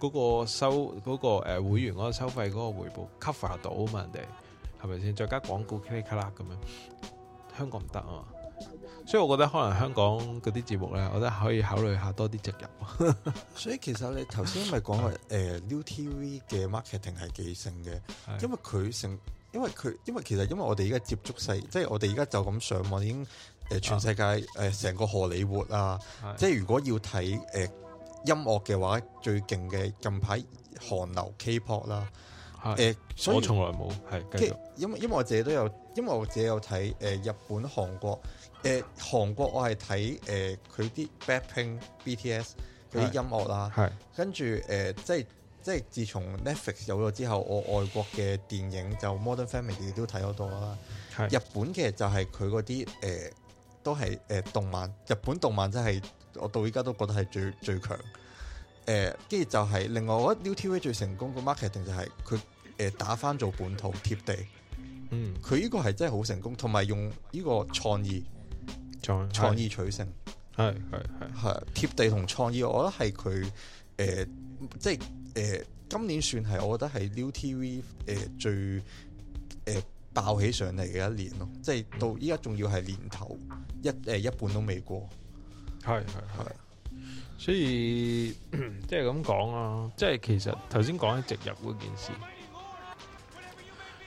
嗰個收嗰個誒會員嗰個收費嗰個回報 cover 到啊嘛，人哋係咪先？再加廣告，咔咔咔咁樣，香港唔得啊嘛。所以，我覺得可能香港嗰啲節目咧，我覺得可以考慮一下多啲植入。 所以其實你頭先咪講話誒 ViuTV 嘅 marketing 係幾成嘅？因為佢成，因為佢，因為其實因為我哋而家接觸世，即、就、係、是、我哋而家就咁上網已經誒、呃、全世界誒成、呃、個荷里活啊！即係如果要睇誒、呃、音樂嘅話，最勁嘅近排韓流 K-pop 啦、呃，所以我從來冇係，因為因為我自己都有。因為我自己有睇誒、呃、日本、韓國，誒、呃、韓國我係睇誒佢啲 Blackpink BTS 嗰啲音樂啦，跟住誒、呃、即係即係自從 Netflix 有咗之後，我外國嘅電影就 Modern Family 也都睇好多啦。日本其實就係佢嗰啲誒都係誒、呃、動漫，日本動漫真係我到依家都覺得係最最強。誒跟住就係、是、另外我覺得 ViuTV 最成功嘅 marketing 就係佢誒打翻做本土貼地。嗯，佢呢個係真係好成功，同埋用呢個創意創創意，意取勝，係係係貼地同創意我覺，我得係佢誒，即係誒，今年算係我覺得係 ViuTV 誒最誒、呃、爆起上嚟嘅一年咯，即、就、係、是、到依家仲要係年頭一誒、呃、一半都未過，係係係，所以即係咁講啊，即、就、係、是、其實頭先講起植入件事。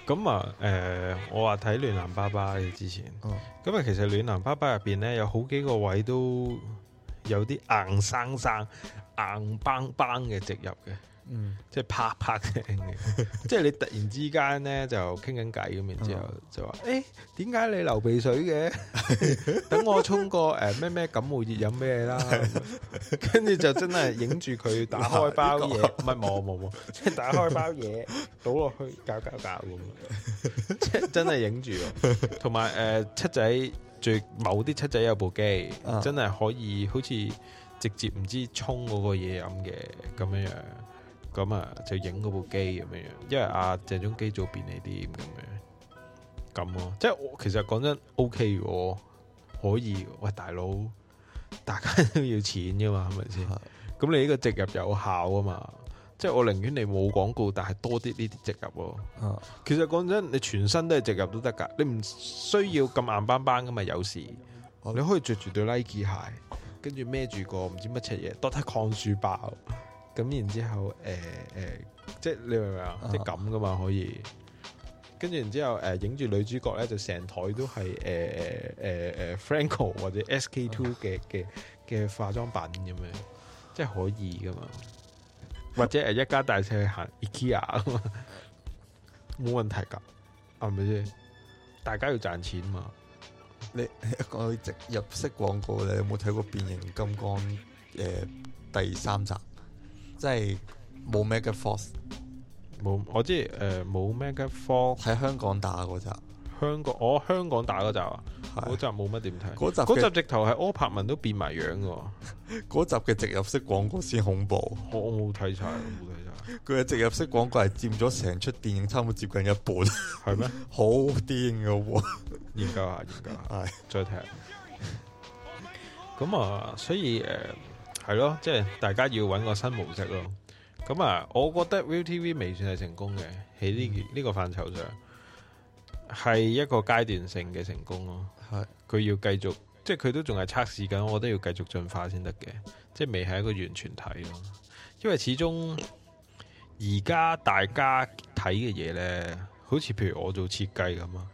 咁啊，呃、我話睇暖男爸爸嘅之前，咁、嗯、啊，其實暖男爸爸入面咧，有好幾個位都有啲硬生生、硬邦邦嘅植入嘅。嗯，即係啪啪聲嘅， 即係你突然之間咧就傾緊偈咁，然之後、嗯、就話誒，點、欸、解你流鼻水嘅？等 我沖沖個誒咩咩感冒熱飲咩啦，跟 住就真係影住佢打開包嘢，唔係冇冇冇，即係 打開包嘢倒落去搞搞搞。咁，即係真係影住我。同埋誒七仔，最某啲七仔有部機、嗯，真係可以好似直接唔知沖嗰個嘢飲嘅咁樣樣。咁啊，就影嗰部機咁樣樣，因為阿、啊、鄭中基做便利店咁樣，咁咯，即係我其實講真，O K 喎，可以，喂大佬，大家都要錢噶嘛，係咪先？咁、嗯、你呢個植入有效啊嘛，即係我寧願你冇廣告，但係多啲呢啲植入。嗯，其實講真，你全身都係植入都得噶，你唔需要咁硬邦邦噶嘛。有時你可以着住對 Nike 鞋，跟住孭住個唔知乜柒嘢，多睇抗暑包。咁然之後誒誒、呃呃、即係你明唔明啊？即係咁噶嘛，可以跟住然之後誒影住女主角咧，就成台都係誒誒、呃、誒誒、呃呃、Franco 或者 S K Two 嘅嘅嘅化妝品咁樣，即係可以噶嘛？或者係一家大細去行 IKEA 啊嘛，冇問題噶，係咪先？大家要賺錢嘛。你一個直入式廣告，你有冇睇過變形金剛誒、呃、第三集？即係冇 Megaforce，冇我知誒冇 Megaforce 喺香港打嗰集，香港我、哦、香港打嗰集啊，嗰集冇乜點睇，嗰集集直頭係柯柏文都變埋樣噶，嗰 集嘅植入式廣告先恐怖，我冇睇晒，冇睇佢嘅植入式廣告係佔咗成出電影差唔多接近一半，係 咩？好癲噶，研究下研究下，係再睇，咁 啊，所以誒。呃係咯，即係大家要揾個新模式咯。咁啊，我覺得 ViuTV 未算係成功嘅，喺呢呢個範疇上係一個階段性嘅成功咯。係佢要繼續，即係佢都仲係測試緊，我都要繼續進化先得嘅。即係未係一個完全體咯。因為始終而家大家睇嘅嘢呢，好似譬如我做設計咁啊，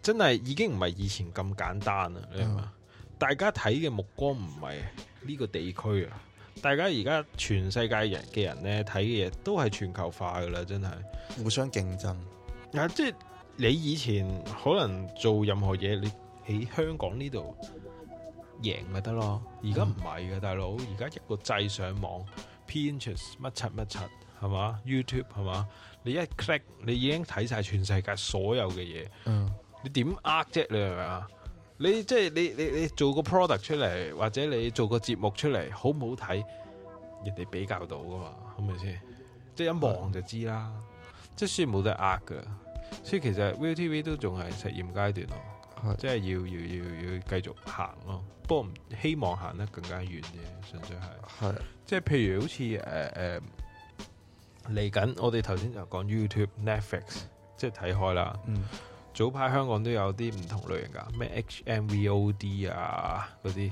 真係已經唔係以前咁簡單啦，嗯。你明嘛？大家睇嘅目光唔係。呢個地區啊，大家而家全世界人嘅人咧睇嘅嘢都係全球化噶啦，真係互相競爭。啊，即係你以前可能做任何嘢，你喺香港呢度贏咪得咯。而家唔係嘅，大佬，而家一個掣上網，Pinterest 乜柒乜柒，係嘛？YouTube 係嘛？你一 click，你已經睇晒全世界所有嘅嘢。嗯，你點呃啫？你係咪啊？你即係、就是、你你你做個 product 出嚟，或者你做個節目出嚟，好唔好睇？人哋比較到噶嘛，係咪先？即、就、係、是、一望就知啦。Mm-hmm. 即係算冇得呃噶。所以其實 ViuTV 都仲係實驗階段咯，mm-hmm. 即係要要要要繼續行咯。不過不希望行得更加遠嘅，純粹係。係、mm-hmm.。即係譬如好似誒誒嚟緊，呃呃、我哋頭先就講 YouTube、Netflix，即係睇開啦。嗯、mm-hmm.。早排香港都有啲唔同類型噶，咩 HMVOD 啊嗰啲，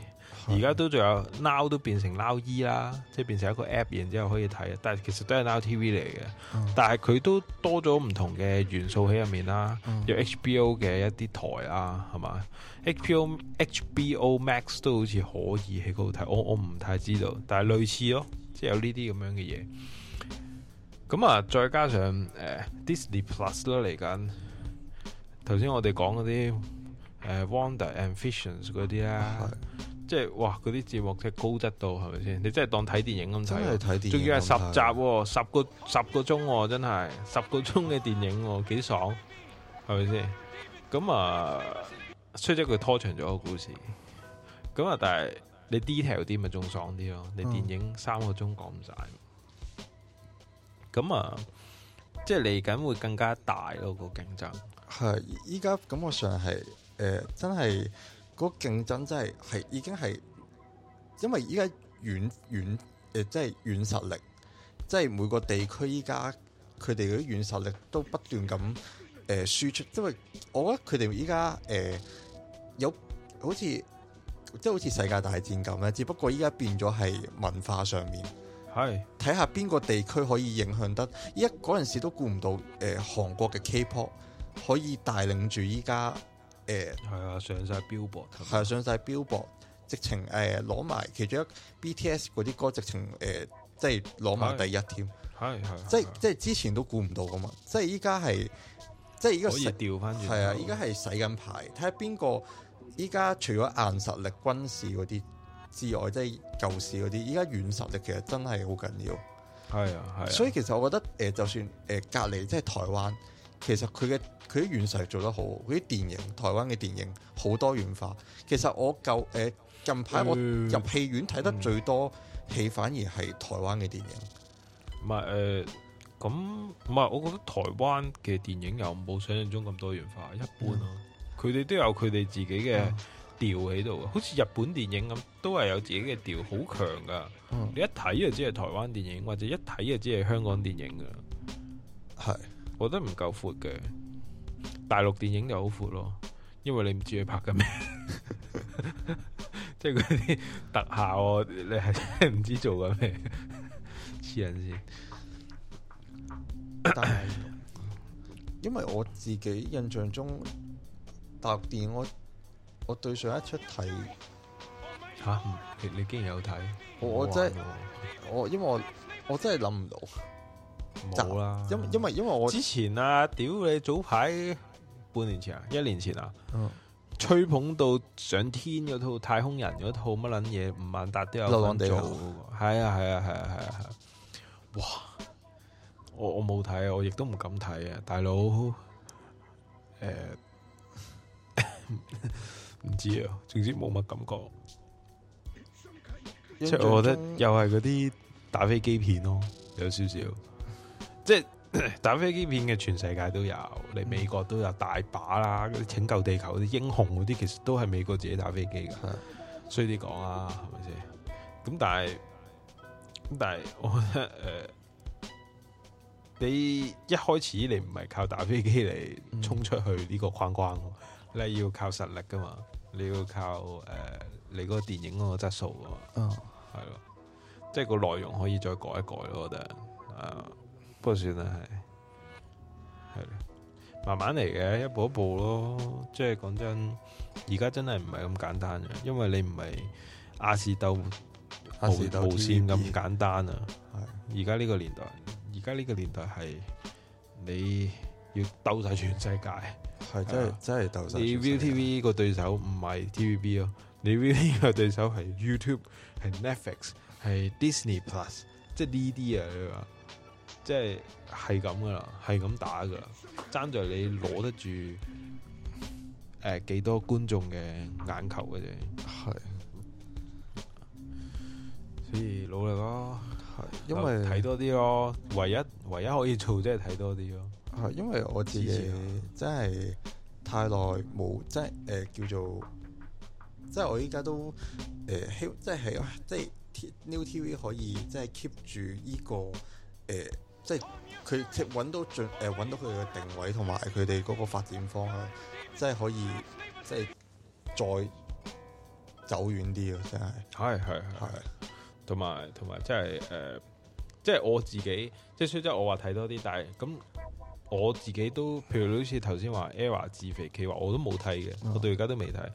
而家都仲有 now 都變成 now E 啦，即係變成一個 app，然之後可以睇，但係其實都係 now TV 嚟嘅，嗯，但係佢都多咗唔同嘅元素喺入面啦，嗯、有 HBO 嘅一啲台啊，係嘛？HBO HBO Max 都好似可以喺嗰度睇，我我唔太知道，但係類似咯，即係有呢啲咁樣嘅嘢。咁啊，再加上誒、呃、Disney Plus 啦嚟緊。頭先我哋講嗰啲誒《Wonder and Fictions》嗰啲啦，即係哇嗰啲節目，即係高質度，係咪先？你真係當睇電影咁睇，仲要係十集，十個十個鐘，真係十個鐘嘅電影，幾爽，係咪先？咁啊，雖則佢拖長咗個故事，咁啊，但係你 detail 啲咪仲爽啲咯？你電影三個鐘講唔晒，咁啊，即係嚟緊會更加大咯個競爭。係依家，感覺上係誒、呃，真係嗰、嗰個競爭真係係已經係，因為依家軟軟誒，即係軟實力，即係每個地區依家佢哋嗰啲軟實力都不斷咁誒輸出。因為我覺得佢哋依家誒有好似即係好似世界大戰咁咧，只不過依家變咗係文化上面係睇下邊個地區可以影響得。依家嗰陣時都估唔到誒，韓、呃、國嘅 K-pop。可以帶領住依家誒，係、呃、啊，上晒標榜，係啊，上曬標榜，直情誒攞埋其中一 BTS 嗰啲歌，直情誒、呃、即係攞埋第一添，係係，即係即係之前都估唔到噶嘛，即係依家係即係依家可以調翻轉，係啊，依家係洗緊牌，睇下邊個依家除咗硬實力軍事嗰啲之外，即係舊時嗰啲，依家軟實力其實真係好緊要，係啊係、啊，所以其實我覺得誒、呃，就算誒、呃、隔離即係台灣。其實佢嘅佢啲原創做得好，佢啲電影台灣嘅電影好多元化。其實我舊誒近排我入戲院睇得最多戲，嗯、反而係台灣嘅電影。唔係誒，咁唔係我覺得台灣嘅電影又冇想像中咁多元化，一般咯、啊。佢、嗯、哋都有佢哋自己嘅調喺度，好似日本電影咁，都係有自己嘅調，好強噶、嗯。你一睇就知係台灣電影，或者一睇就知係香港電影嘅，係。覺得唔夠闊嘅，大陸電影又好闊咯，因為你唔知佢拍緊咩，即係嗰啲特效，你係真係唔知做緊咩，黐人先。但係， 因為我自己印象中，大陸電影我我對上一出睇，吓、啊？你你竟然有睇我真係我因為我我真係諗唔到。冇啦，因因為、嗯、因為我之前啊，屌你早排半年前啊，一年前啊，嗯、吹捧到上天嗰套太空人嗰套乜撚嘢，吳孟達都有份做，那個，係啊係啊係啊係啊係，哇、啊啊！我我冇睇，我亦都唔敢睇啊，大佬，誒、欸，唔 知啊，總之冇乜感覺，即係我覺得又係嗰啲打飛機片咯，有少少。即係打飛機片嘅，全世界都有，你、嗯、美國都有大把啦。啲拯救地球啲英雄嗰啲，其實都係美國自己打飛機噶，衰啲講啊，係咪先？咁但係咁但係我覺得誒、呃，你一開始你唔係靠打飛機嚟，衝出去呢個框框，嗯、 你係要靠實力噶嘛，你要靠誒、呃、你嗰個電影嗰個質素啊，係、嗯、咯，即係個內容可以再改一改，我覺得啊。呃不過算啦，係係慢慢嚟嘅，一步一步咯。即係講真的，而家真係唔係咁簡單嘅，因為你唔係亞視鬥無亞視鬥無線咁簡單啊。係而家呢個年代，而家呢個年代係你要鬥晒全世界，係真係真係鬥晒。你 ViuTV 個對手唔係 TVB 咯，你 ViuTV 個對手係 YouTube，係 Netflix，係 Disney Plus，即係呢啲啊。你即係係咁噶啦係、就、咁、是、打噶啦爭在你攞得住誒、呃、幾多觀眾嘅眼球嘅啫。係，所以努力咯。係，因為睇多啲咯。唯一唯一可以做即係睇多啲咯。係，因為我自己前、啊、真係太耐冇即係誒叫做，在呃、即係我依家都誒希即係喺即係 ViuTV 可以即係 keep 住呢個誒。呃即係佢即係揾到最誒揾到佢嘅定位同埋佢哋嗰個發展方向，即係可以即係再走遠啲嘅，真係係係係，同埋同埋即係誒，即係、即係呃即係、我自己即係雖即係我話睇多啲，但係咁我自己都譬如好似頭先話 ERROR 自肥企畫，我都冇睇嘅，我到而家都未睇。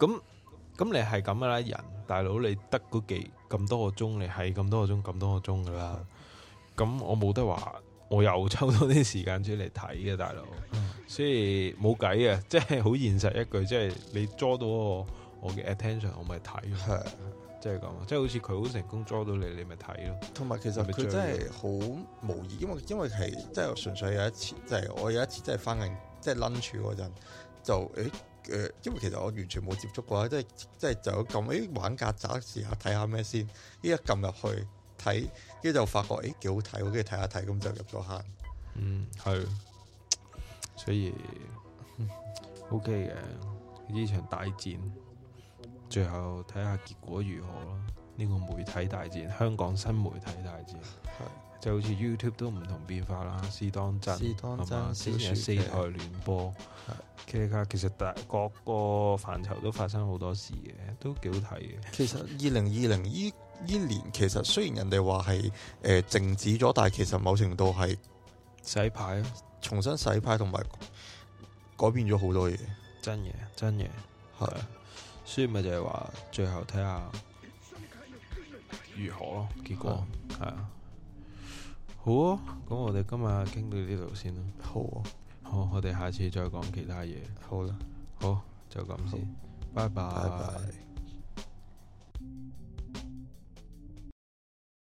咁咁你係咁噶啦，人大佬你得嗰幾咁多個鐘，你係咁多個鐘咁多個鐘噶啦。嗯咁我冇得話，我又抽多啲時間出嚟睇嘅，大佬，所以冇計嘅，即係好現實一句，即係你捉到我我嘅 attention，我咪睇咯即係咁，即係好似佢好成功捉到你，你咪睇咯。同埋其實佢真係好無疑，因為因為係即係純粹有一次，即係我有一次即係翻緊即係 lunch 嗰陣，就欸欸、因為其實我完全冇接觸過，即係即係就咁欸玩曱甴時候睇下咩先，依家撳入去。睇，跟住就發覺，誒幾好睇跟住睇下，睇，咁就入咗坑。嗯，係。所以，嗯，OK 嘅呢場大戰，最後睇下結果如何咯。呢、呢個媒體大戰，香港新媒體大戰，係就好似 YouTube 都唔同變化啦。試當真？試當真？先有四台聯播。其實大各個範疇都發生好多事嘅，都幾好睇嘅。其實二零二零依依年其實雖然人哋話係誒靜止咗，但係其實某程度係洗牌啊，重新洗牌同埋改變咗好多嘢。真嘢，真嘢，係啊。所以咪就係話最後睇下如何咯。結果係啊。好啊，咁我哋今日傾到呢度先啦。好啊，好，我哋下次再講其他嘢。好啦，好，就咁先，拜拜。Bye bye bye bye